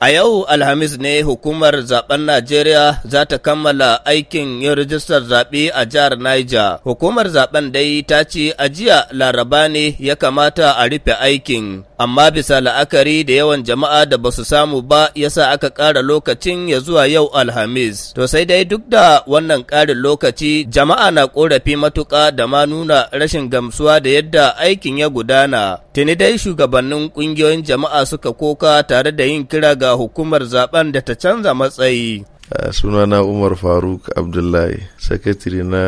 A yau Alhamis ne hukumar zaben Najeriya za ta kammala aikin yin rijistar zaɓe a jihar Niger. Hukumar zaben dai ta ce a jiya laraba ne ya kamata a rufe aikin, amma bisa la'akari da yawan jama'a da ba su samu ba yasa aka ƙara lokacin ya zuwa yau Alhamis. To sai dai duk da wannan ƙarin lokaci jama'a na ƙorafi matuƙa da ma nuna rashin gamsuwa da yadda aikin ya gudana. Tuni dai shugabannin ƙungiyoyin jama'a suka koka tare da yin kira ga ga hukumar zaben da ta canza matsayi. sunana umar faruk abdullahi sakatare na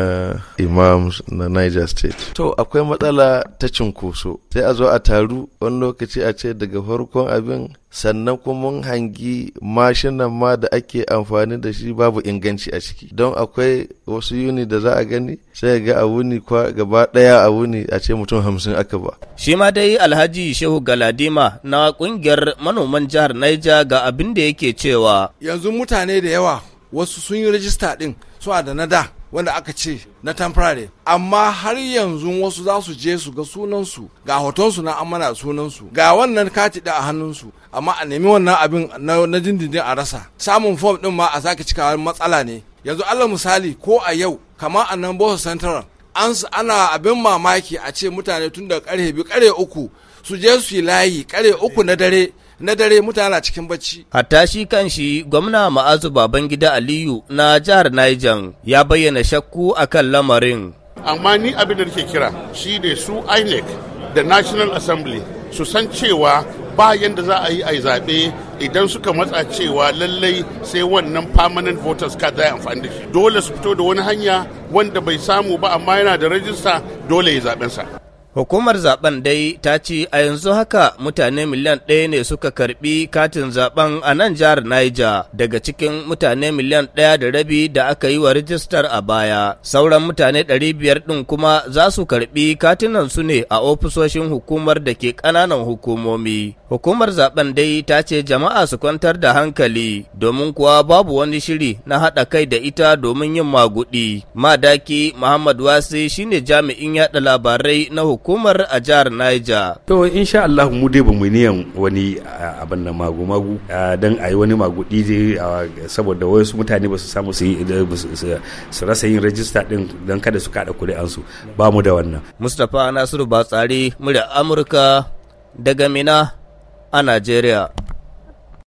imams na niger state to akwai matsala ta cinkoso sai a zo a taru wani lokaci a ce daga farkon abin sannan kuma mun hangi mashinan ma da ake amfani da shi babu inganci a ciki don akwai wasu yuni da za a gani sai ga a wuni kwa gaba daya a wuni a ce mutum hamsin aka ba shi ma dai alhaji shehu galadima na kungiyar manoman jihar naija ga abin da yake cewa yanzu mutane da yawa wasu sun yi rajista din su a da na da wanda aka ce na temporary amma har yanzu wasu za su je su ga sunansu ga hotonsu na amana sunansu ga wannan kati da a hannunsu amma a nemi wannan abin na dindindin a rasa samun fom din ma a sake cikawa matsala ne yanzu allah misali ko a yau kama a nan bosa central an ana abin mamaki a ce mutane tun da karhe biyu kare uku su je su yi layi kare uku na dare na dare mutane a cikin bacci. Hatta shi kan shi gwamna ma'azu Babangida Aliyu na jihar Niger ya bayyana shakku a kan lamarin. Amma ni abin da nake kira shi ne su INEC da National Assembly su san cewa bayan da za a yi a zaɓe idan suka matsa cewa lallai sai wannan permanent voters card za amfani da shi dole su fito da wani hanya wanda bai samu ba amma yana da rajista dole ya zaɓensa. Hukumar zaben dai ta ce a yanzu haka mutane miliyan ɗaya ne suka karbi katin zaben a nan jihar Niger daga cikin mutane miliyan ɗaya da rabi da aka yi wa rijistar a baya. Sauran mutane ɗari biyar ɗin kuma za su karbi katinan su ne a ofisoshin hukumar da ke ƙananan hukumomi. Hukumar zaben dai ta ce jama'a su kwantar da hankali domin kuwa babu wani shiri na haɗa kai da ita domin yin maguɗi. Madaki Muhammad Wasi shine jami'in yaɗa labarai na hukumar hukumar a jihar Niger. To insha Allah mu dai ba mu niyan wani abin nan magu magu dan ayi wani magudi saboda wasu mutane ba su samu su su rasa yin rajista din dan kada su kada su ba mu da wannan. Mustapha Nasiru Batsari murya Amurka daga Mina a Najeriya.